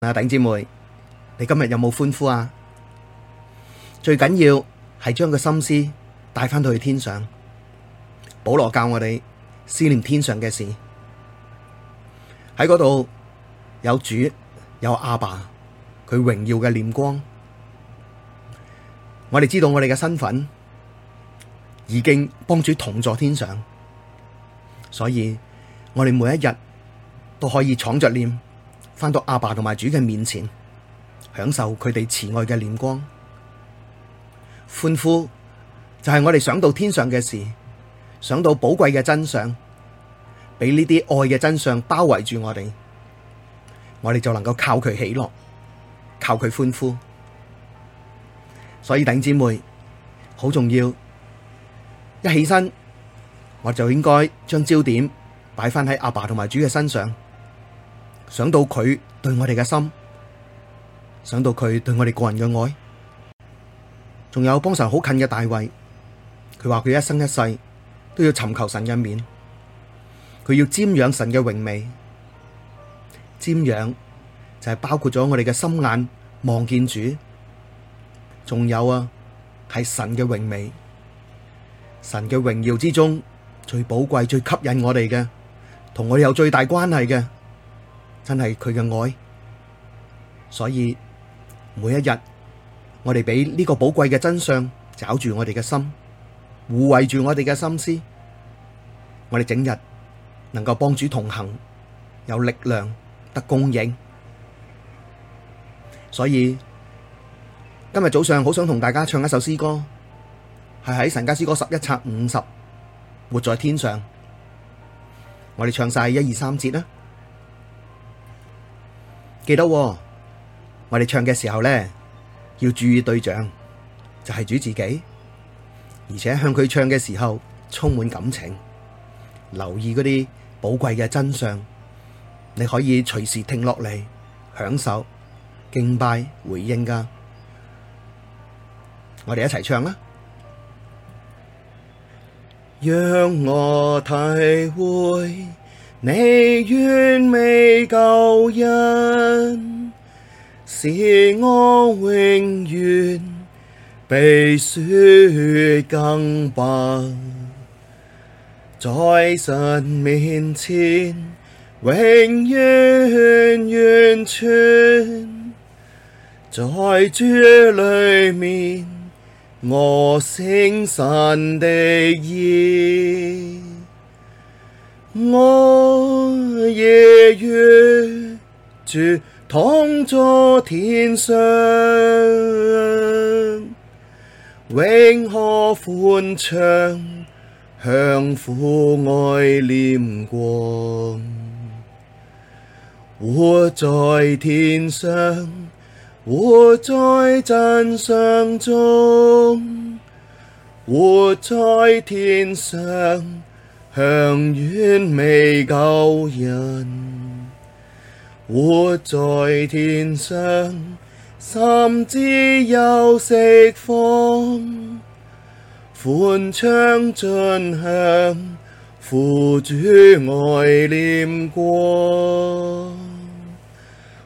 啊，頂姐妹，你今日有冇歡呼啊？最緊要係將個心思帶翻到去天上。保羅教我哋思念天上嘅事，喺嗰度有主有阿爸，佢榮耀嘅臉光。我哋知道我哋嘅身份已經幫主同坐天上，所以我哋每一日都可以敞着臉。翻到阿爸同埋主嘅面前，享受佢哋慈愛嘅臉光，歡呼就係、是、我哋想到天上嘅事，想到寶貴嘅真相，俾呢啲愛嘅真相包圍住我哋，我哋就能夠靠佢喜樂，靠佢歡呼。所以弟兄姊妹好重要，一起身我就應該將焦點擺翻喺阿爸同埋主嘅身上。想到佢對我哋嘅心，想到佢對我哋個人嘅愛，仲有幫神好近嘅大衛，佢話佢一生一世都要尋求神嘅面，佢要瞻仰神嘅榮美。瞻仰就係包括咗我哋嘅心眼望見主，仲有啊，係神嘅榮美，神嘅榮耀之中最寶貴、最吸引我哋嘅，同我哋有最大關係嘅。真係佢嘅愛，所以每一日我哋俾呢個寶貴嘅真相罩住我哋嘅心，護衛住我哋嘅心思，我哋整日能夠幫主同行，有力量得供應。所以今日早上好想同大家唱一首詩歌，係喺《神家詩歌》十一冊五十，活在天上，我哋唱晒一二三節啦。記得，我哋唱嘅時候咧，要注意對象，就係主自己，而且向佢唱嘅時候充滿感情，留意嗰啲寶貴嘅真相，你可以隨時聽落嚟，享受敬拜回應噶。我哋一齊唱啦，讓我體會。祢完美救恩，使我永遠比雪更白，在神面前永遠完全，在主裡面我成神的義。我已與主同坐天上，永可歡暢享父愛臉光，活在天上，活在真相中，活在天上。享完美救恩，活在天上，心自由釋放，歡暢盡享，父、主愛臉光，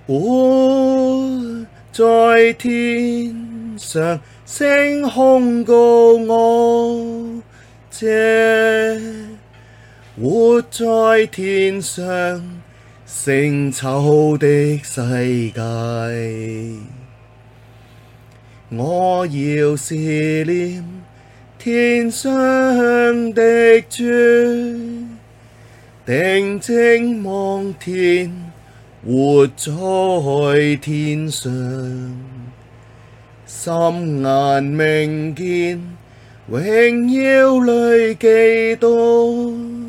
活在天上，勝控告惡者。活在天上，勝仇敵的世界，我要思念天上的主，定睛望天，活在天上，心眼明見，榮耀裡基督。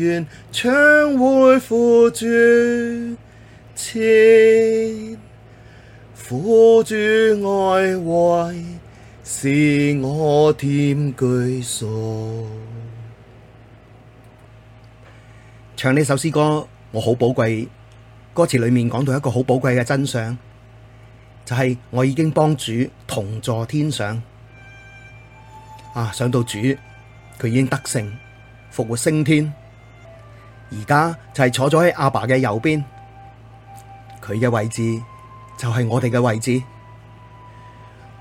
完，將會扶住天，扶住愛懷，是我甜居所。唱呢首詩歌，我好寶貴。歌詞裏面講到一個好寶貴嘅真相，就係、是、我已經幫主同坐天上。啊，想到主，佢已經得勝復活升天。而家就係坐咗喺阿爸嘅右邊，佢嘅位置就係我哋嘅位置，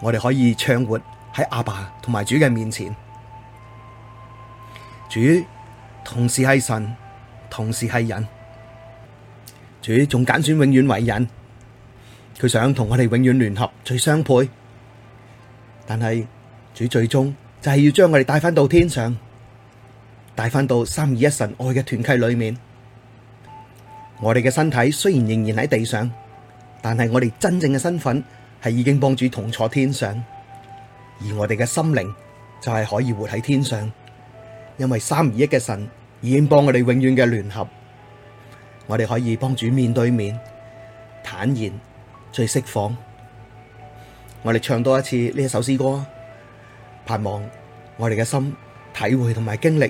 我哋可以暢活喺阿爸同埋主嘅面前。主同時係神，同時係人，主仲揀選永遠為人，佢想同我哋永遠聯合，最相配。但係主最終就係要將我哋帶返到天上。帶翻到三二一神愛嘅團契裏面，我哋嘅身體雖然仍然喺地上，但係我哋真正嘅身份係已經幫主同坐天上，而我哋嘅心靈就係可以活喺天上，因為三二一嘅神已經幫我哋永遠嘅聯合，我哋可以幫主面對面坦然最釋放，我哋唱多一次呢一首詩歌，盼望我哋嘅心體會同埋經歷。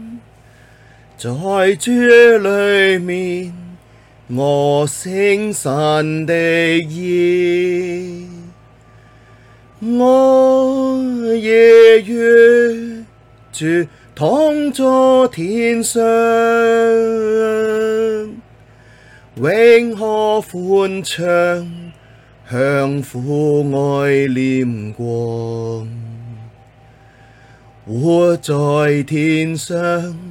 在主裡面，我成神的義，我已與主同坐天上，永可歡暢享父愛臉光，活在天上。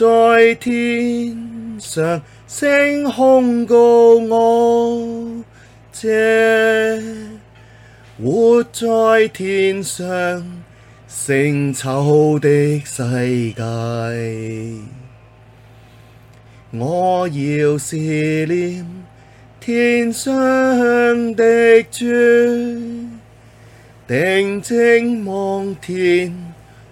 在天上勝控告惡者，活在天上勝仇敵的世界，我要思念天上的主，定睛望天。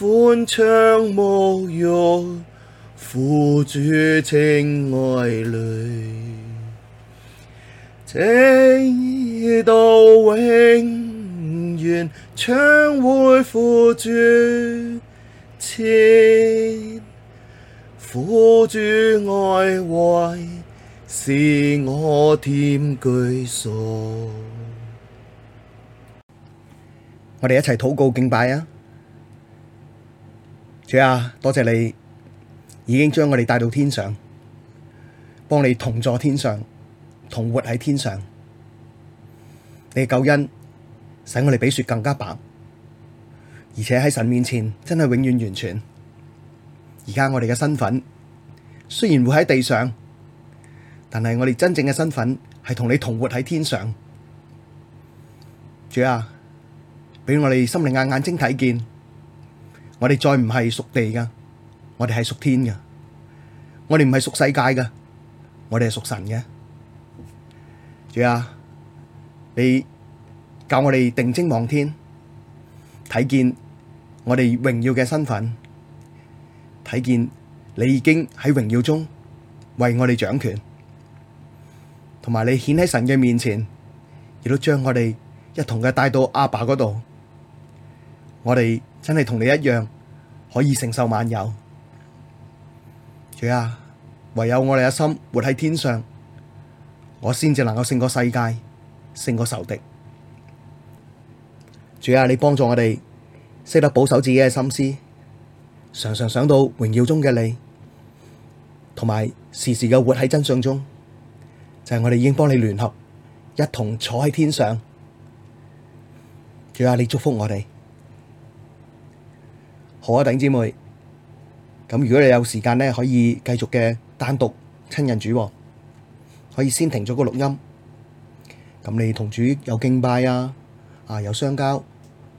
歡暢沐浴，父主情愛裡，直到永遠，暢活父主前，父主愛懷，是我甜居所。我哋一齊禱告敬拜啊！主啊，多謝你已經將我哋帶到天上，幫你同坐天上，同活喺天上。你嘅救恩使我哋比雪更加白，而且喺神面前真係永遠完全。而家我哋嘅身份雖然會喺地上，但係我哋真正嘅身份係同你同活喺天上。主啊，俾我哋心靈嘅眼睛睇見。我哋再唔係屬地噶，我哋係屬天噶，我哋唔係屬世界噶，我哋係屬神嘅。主啊，你教我哋定睛望天，睇見我哋榮耀嘅身份，睇見你已經喺榮耀中為我哋掌權，同埋你顯喺神嘅面前，亦都將我哋一同嘅帶到阿爸嗰度。我哋真係同你一樣，可以承受萬有。主啊，唯有我哋嘅心活喺天上，我先至能夠勝過世界，勝過仇敵。主啊，你幫助我哋，識得保守自己嘅心思，常常想到榮耀中嘅你，同埋時時嘅活喺真相中，就係我哋已經幫你聯合，一同坐喺天上。主啊，你祝福我哋。好啊，弟兄姊妹，咁如果你有時間咧，可以繼續嘅單獨親近主，可以先停咗個錄音，咁你同主有敬拜啊，啊有相交，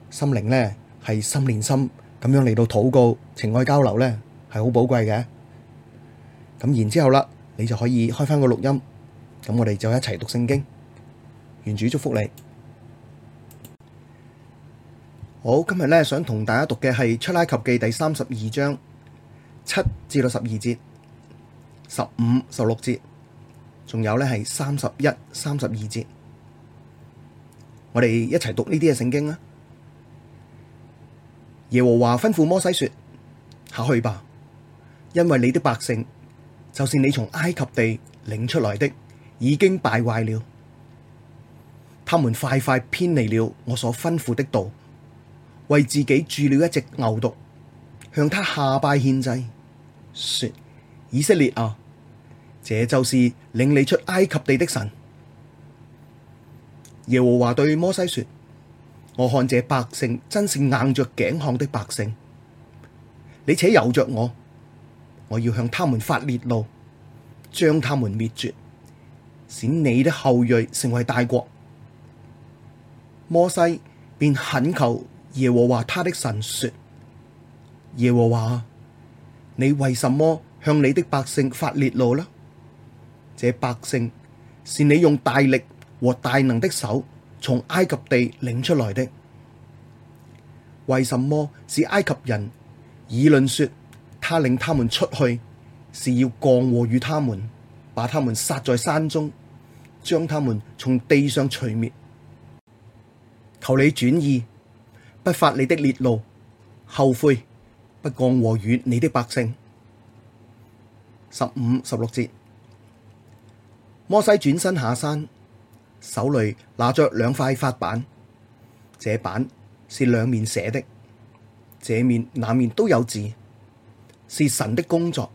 心靈咧係心連心，咁樣嚟到禱告、情愛交流咧係好寶貴嘅，咁然之後啦，你就可以開翻個錄音，咁我哋就一齊讀聖經，願主祝福你。好，今日呢想同大家讀嘅係出埃及記第三十二章七至到十二節、十五、十六節，仲有呢係三十一、三十二節。我哋一齊讀呢啲嘅聖經啦。耶和華吩咐摩西說：下去吧，因為你的百姓就是你從埃及地領出來的，已經敗壞了，他們快快偏離了我所吩咐的道。為自己鑄了一隻牛犢，向他下拜獻祭，說：以色列啊，這就是領你出埃及地的神。耶和華對摩西說：我看這百姓真是硬着頸項的百姓，你且由着我，我要向他們發烈怒，將他們滅絕，使你的後裔成為大國。摩西便懇求。耶和華他的神說：耶和華，你為什麼向你的百姓發烈怒呢？這百姓是你用大力和大能的手從埃及地領出來的。為什麼是埃及人議論說他領他們出去，是要降禍與他們，把他們殺在山中，將他們從地上除滅？求你轉意，不發你的烈怒，後悔不降禍於你的百姓。十五、十六節，摩西轉身下山，手裡拿着兩塊法版，這版是兩面寫的，這面那面都有字，是神的工作，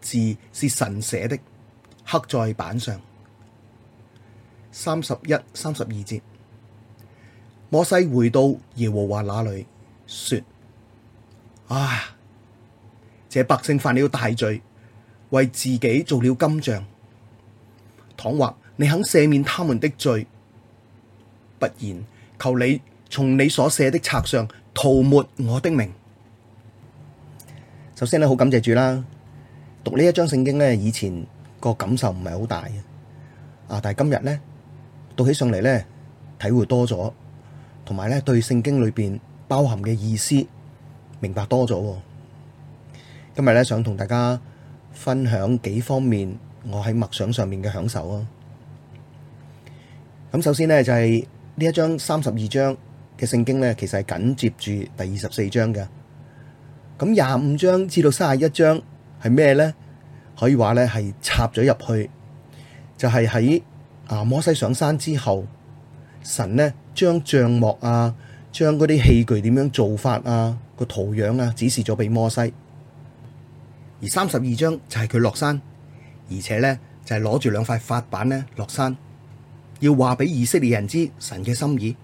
字是神寫的，刻在版上。三十一、三十二節。摩西回到耶和華那裏，說：啊，這百姓犯了大罪，為自己做了金像。倘或你肯赦免他們的罪，不然，求你從你所寫的冊上塗抹我的名。首先呢，好感謝主啦！讀呢一章聖經咧，以前個感受唔係好大啊，但係今日呢，讀起上嚟呢，體會多咗。同埋咧，對聖經裏邊包含嘅意思明白多咗。今日咧，想同大家分享幾方面我喺默想上面嘅享受啊。咁首先呢，就係呢一章三十二章嘅聖經呢，其實係緊接住第二十四章嘅。咁廿五章至到三十一章係咩呢？可以話咧係插咗入去，就係喺啊摩西上山之後。神呢將帳幕啊，將嗰啲器具點樣做法啊，個圖樣啊指示咗俾摩西。而三十二章就係佢落山，而且呢就係攞住兩塊法板呢落山，要話俾以色列人知神嘅心意。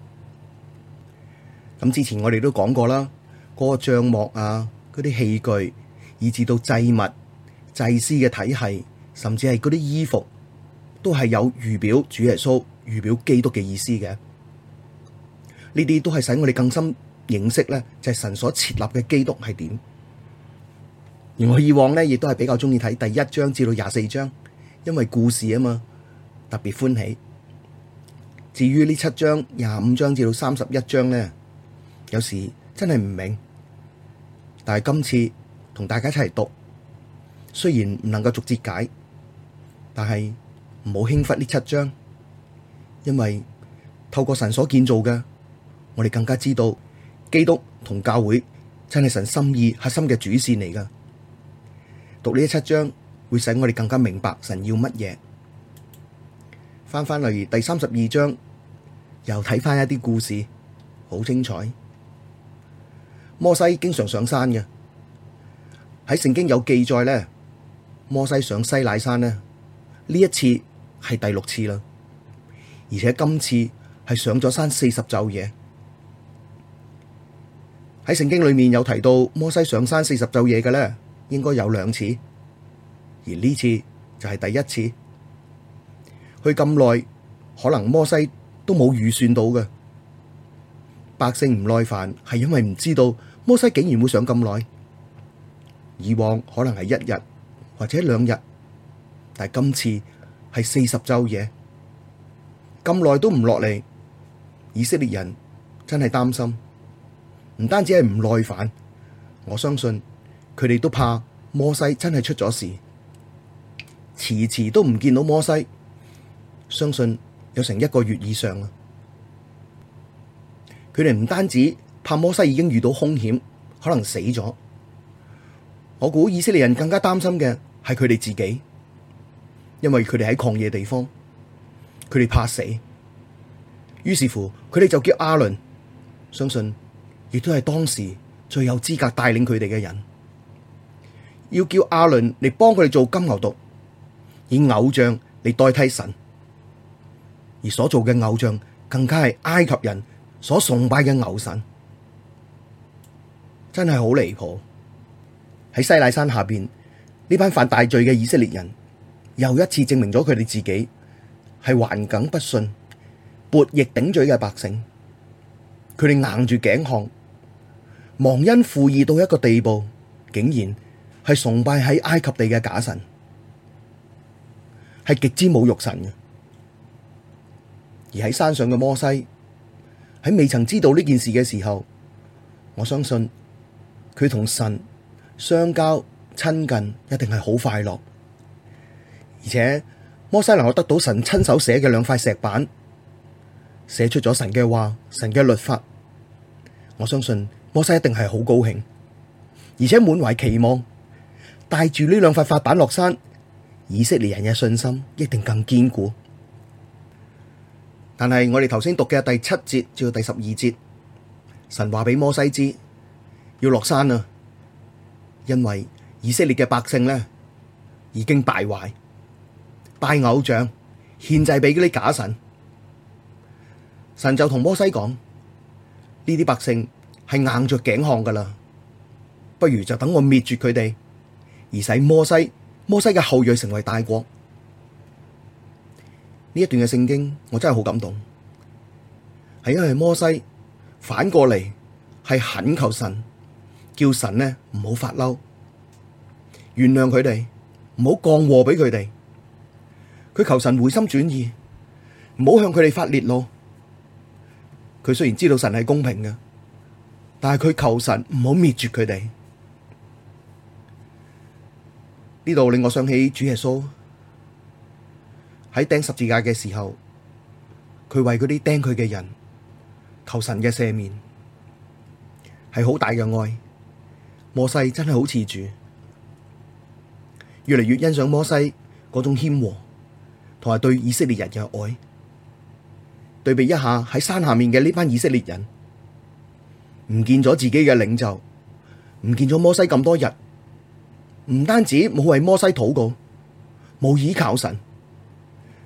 咁之前我哋都講過啦，嗰、那個帳幕啊，嗰啲器具，以至到祭物、祭司嘅體系，甚至係嗰啲衣服，都係有預表主耶穌。預表基督嘅意思嘅，呢啲都係使我哋更深認識咧，就係神所設立嘅基督係點。而我以往咧，亦都係比較鍾意睇第一章至到廿四章，因為故事啊嘛，特別歡喜。至於呢七章廿五章至到三十一章咧，有時真係唔明，但係今次同大家一齊讀，雖然唔能夠逐節解，但係唔好輕忽呢七章。因為透過神所建造嘅，我哋更加知道基督同教會真係神心意核心嘅主線嚟噶。讀呢七章，會使我哋更加明白神要乜嘢。翻翻嚟第三十二章，又睇翻一啲故事，好精彩。摩西經常上山嘅，喺聖經有記載咧。摩西上西乃山咧，呢一次係第六次啦。而且今次係上咗山四十晝夜。喺聖經裏面有提到摩西上山四十晝夜嘅咧，應該有兩次，而呢次就係第一次。去咁耐，可能摩西都冇預算到嘅，百姓唔耐煩係因為唔知道摩西竟然會上咁耐。以往可能係一日或者兩日，但係今次係四十晝夜。咁耐都唔落嚟，以色列人真係擔心，唔單止係唔耐煩，我相信佢哋都怕摩西真係出咗事，遲遲都唔見到摩西，相信有成一個月以上啦。佢哋唔單止怕摩西已經遇到兇險，可能死咗，我估以色列人更加擔心嘅係佢哋自己，因為佢哋喺曠野地方。佢哋怕死，於是乎佢哋就叫阿倫，相信亦都係當時最有資格帶領佢哋嘅人，要叫阿倫嚟幫佢哋做金牛犢，以偶像嚟代替神，而所做嘅偶像更加係埃及人所崇拜嘅偶神。真係好離譜！喺西奈山下邊，呢班犯大罪嘅以色列人又一次證明咗佢哋自己。係環境不順、悖逆頂嘴嘅百姓，佢哋硬住頸項，忘恩負義到一個地步，竟然係崇拜喺埃及地嘅假神，係極之侮辱神嘅。而喺山上嘅摩西，喺未曾知道呢件事嘅時候，我相信佢同神相交親近，一定係好快樂，而且。摩西能夠得到神親手寫嘅兩塊石板，寫出咗神嘅話、神嘅律法，我相信摩西一定係好高興，而且滿懷期望，帶住呢兩塊法版落山，以色列人嘅信心一定更堅固。但係我哋頭先讀嘅第七節至到第十二節，神話俾摩西知要落山啦，因為以色列嘅百姓呢已經敗壞。拜偶像獻祭俾嗰啲假神，神就同摩西講：呢啲百姓係硬著頸項噶啦，不如就等我滅絕佢哋，而使摩西摩西嘅後裔成為大國。呢一段嘅聖經我真係好感動，係因為摩西反過嚟係懇求神，叫神呢唔好發嬲，原諒佢哋，唔好降禍俾佢哋。佢求神回心轉意，唔好向佢哋發烈怒。佢雖然知道神係公平嘅，但係佢求神唔好滅絕佢哋。呢度令我想起主耶穌喺釘十字架嘅時候，佢為嗰啲釘佢嘅人求神嘅赦免，係好大嘅愛。摩西真係好似主，越嚟越欣賞摩西嗰種謙和，同埋對以色列人嘅愛，對比一下喺山下面嘅呢班以色列人，唔見咗自己嘅領袖，唔見咗摩西咁多日，唔單止冇為摩西禱告，冇倚靠神，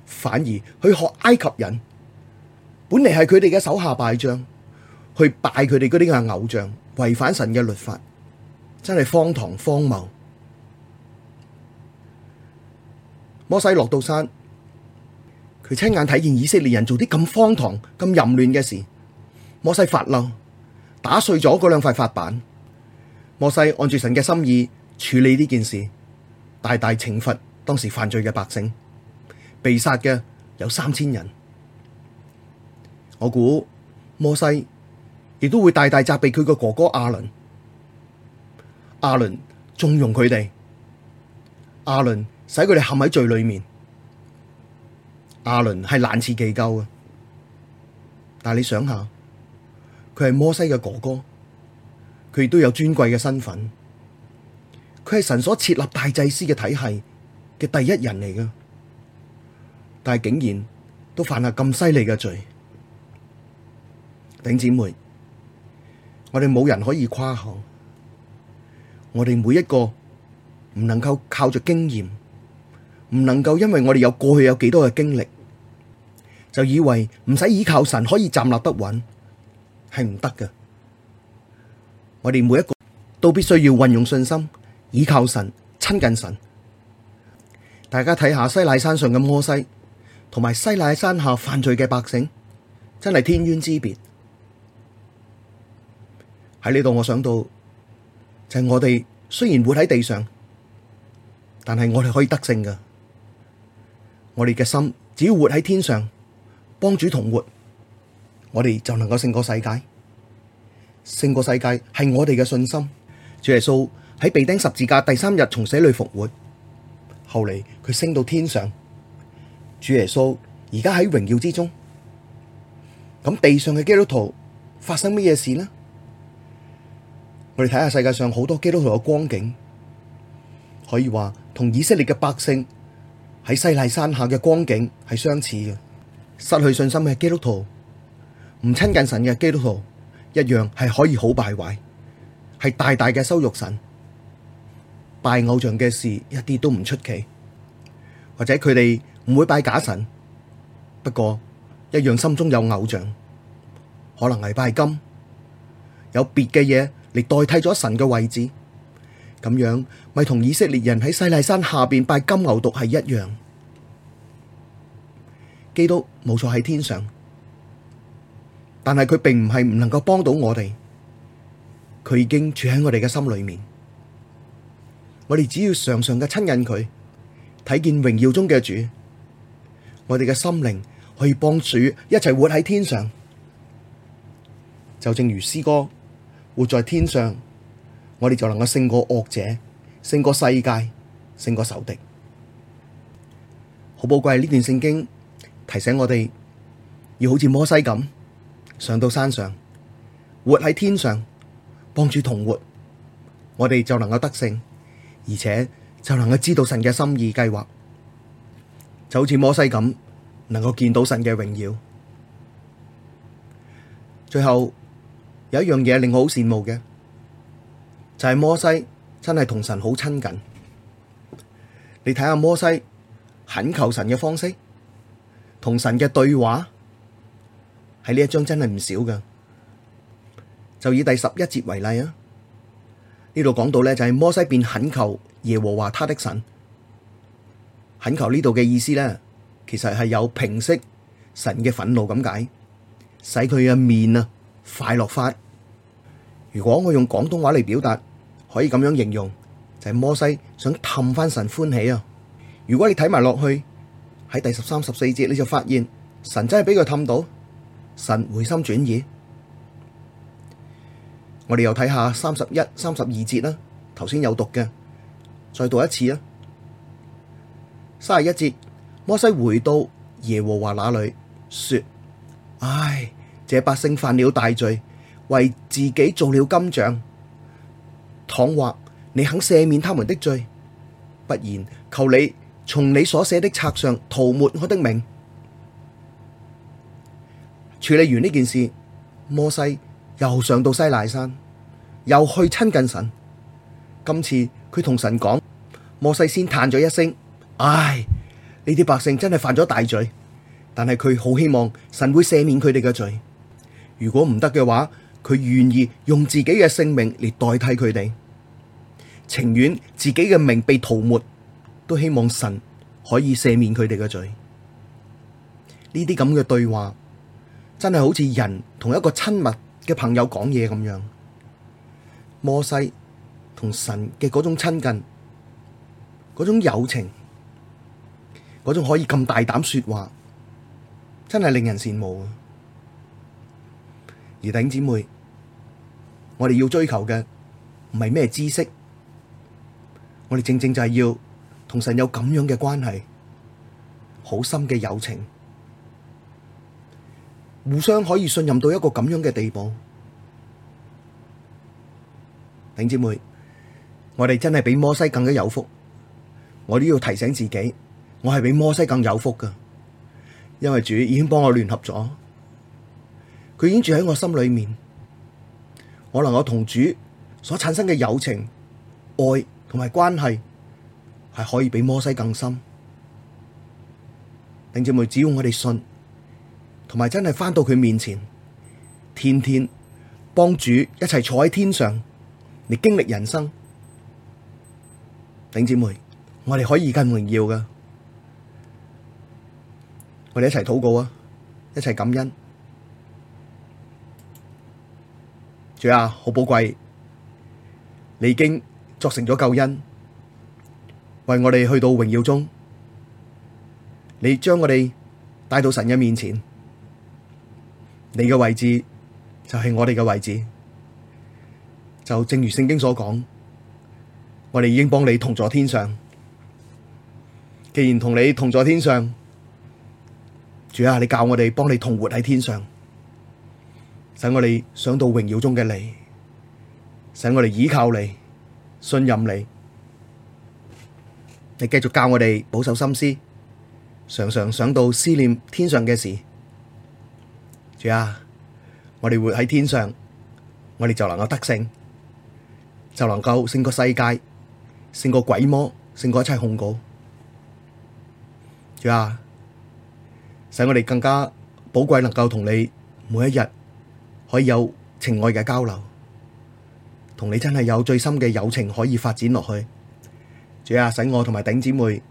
反而去學埃及人，本嚟係佢哋嘅手下敗將，去拜佢哋嗰啲嘅偶像，違反神嘅律法，真係荒唐荒謬。摩西落到山。佢親眼睇見以色列人做啲咁荒唐、咁淫亂嘅事，摩西發嬲，打碎咗嗰兩塊法版。摩西按住神嘅心意處理呢件事，大大懲罰當時犯罪嘅百姓。被殺嘅有三千人。我估摩西亦都會大大責備佢個哥哥亞倫。亞倫縱容佢哋，亞倫使佢哋陷喺罪裏面。亞倫係難辭其咎嘅，但係你想下，佢係摩西嘅哥哥，佢亦都有尊貴嘅身份，佢係神所設立大祭司嘅體系嘅第一人嚟噶，但係竟然都犯下咁犀利嘅罪，頂姐妹，我哋冇人可以誇口，我哋每一個唔能夠靠著經驗，唔能夠因為我哋有過去有幾多嘅經歷。就以為唔使倚靠神可以站立得穩，係唔得嘅。我哋每一個都必須要運用信心，倚靠神，親近神。大家睇下西奈山上嘅摩西，同埋西奈山下犯罪嘅百姓，真係天淵之別。喺呢度我想到，就係、是、我哋雖然活喺地上，但係我哋可以得勝嘅。我哋嘅心只要活喺天上。幫主同活，我哋就能夠勝過世界。勝過世界係我哋嘅信心。主耶穌喺被釘十字架第三日從死裡復活，後嚟佢升到天上。主耶穌而家喺榮耀之中。咁地上嘅基督徒發生咩嘢事呢？我哋睇下世界上好多基督徒嘅光景，可以話同以色列嘅百姓喺西奈山下嘅光景係相似嘅。失去信心嘅基督徒，唔親近神嘅基督徒，一樣係可以好敗壞，係大大嘅羞辱神，拜偶像嘅事一啲都唔出奇，或者佢哋唔會拜假神，不過一樣心中有偶像，可能係拜金，有別嘅嘢嚟代替咗神嘅位置，咁樣咪同以色列人喺西奈山下邊拜金牛犢係一樣。基督冇錯喺天上，但係佢並唔係唔能夠幫到我哋。佢已經住喺我哋嘅心裏面，我哋只要常常嘅親近佢，睇見榮耀中嘅主，我哋嘅心靈可以幫主一齊活喺天上。就正如詩歌，活在天上，我哋就能夠勝過惡者，勝過世界，勝過仇敵。好寶貴呢段聖經。提醒我哋要好似摩西咁上到山上，活喺天上，幫助同活，我哋就能夠得勝，而且就能夠知道神嘅心意計劃，就好似摩西咁，能夠見到神嘅榮耀。最後有一樣嘢令我好羨慕嘅，就係摩西真係同神好親近。你睇下摩西懇求神嘅方式。同神嘅對話喺呢一章真係唔少噶，就以第十一節為例啊，呢度講到咧就係摩西便懇求耶和華他的神，懇求呢度嘅意思咧，其實係有平息神嘅憤怒咁解，使佢嘅面啊快樂法。如果我用廣東話嚟表達，可以咁樣形容，就係，是，摩西想氹翻神歡喜啊！如果你睇埋落去。喺第十三、十四節，你就發現神真係俾佢氹到，神回心轉意。我哋又睇下三十一、三十二節啦，頭先有讀嘅，再讀一次啦。三十一節，摩西回到耶和華那裡，說：唉，這百姓犯了大罪，為自己做了金像。倘或你肯赦免他們的罪，不然求你，從你所寫的冊上塗抹我的名。處理完呢件事，摩西又上到西奈山，又去親近神。今次佢同神講，摩西先嘆咗一聲，唉，呢啲百姓真係犯咗大罪。但係佢好希望神會赦免佢哋嘅罪。如果唔得嘅話，佢願意用自己嘅性命嚟代替佢哋，情願自己嘅命被塗抹。都希望神可以赦免佢哋嘅罪。呢啲咁嘅對話，真係好似人同一個親密嘅朋友講嘢咁樣。摩西同神嘅嗰種親近、嗰種友情、嗰種可以咁大膽說話，真係令人羨慕啊！而弟兄姊妹，我哋要追求嘅唔係咩知識，我哋正正就係要，同神有咁樣嘅關係，好深嘅友情，互相可以信任到一個咁樣嘅地步。弟兄姊妹，我哋真係比摩西更加有福。我都要提醒自己，我係比摩西更有福㗎，因為主已經幫我聯合咗，佢已經住喺我心裏面，我能夠同主所產生嘅友情、愛同埋關係。係可以比摩西更深，頂姐妹，只要我哋信，同埋真係返到佢面前，天天幫主一齊坐喺天上，嚟經歷人生，頂姐妹，我哋可以更榮耀噶，我哋一齊禱告啊，一齊感恩。主啊，好寶貴，你已經作成咗救恩。為我哋去到榮耀中，你將我哋帶到神嘅面前，你嘅位置就係我哋嘅位置，就正如聖經所講，我哋已經幫你同坐天上。既然同你同坐天上，主要你教我哋幫你同活喺天上，使我哋想到榮耀中嘅你，使我哋依靠你，信任你。你繼續教我哋保守心思，常常想到思念天上嘅事。主啊，我哋活喺天上，我哋就能夠得勝，就能夠勝過世界，勝過鬼魔，勝過一切控告。主啊，使我哋更加寶貴，能夠同你每一日可以有情愛嘅交流，同你真係有最深嘅友情可以發展落去。主啊，使我同埋頂姐妹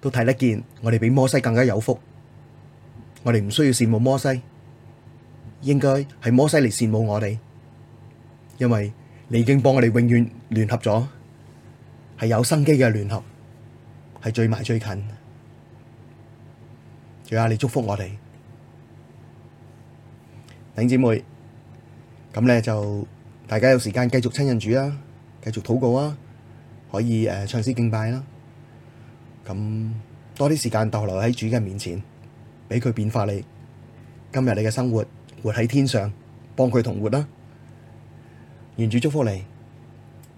都睇得見，我哋比摩西更加有福。我哋唔需要羨慕摩西，應該係摩西嚟羨慕我哋，因為你已經幫我哋永遠聯合咗，係有生機嘅聯合，係最埋最近。主啊，你祝福我哋頂姐妹，咁咧就大家有時間繼續親近主啊，繼續禱告啊。可以誒，唱詩敬拜啦，咁多啲時間逗留喺主嘅面前，畀佢變化你今日你嘅生活，活喺天上，幫佢同活啦，願主祝福你。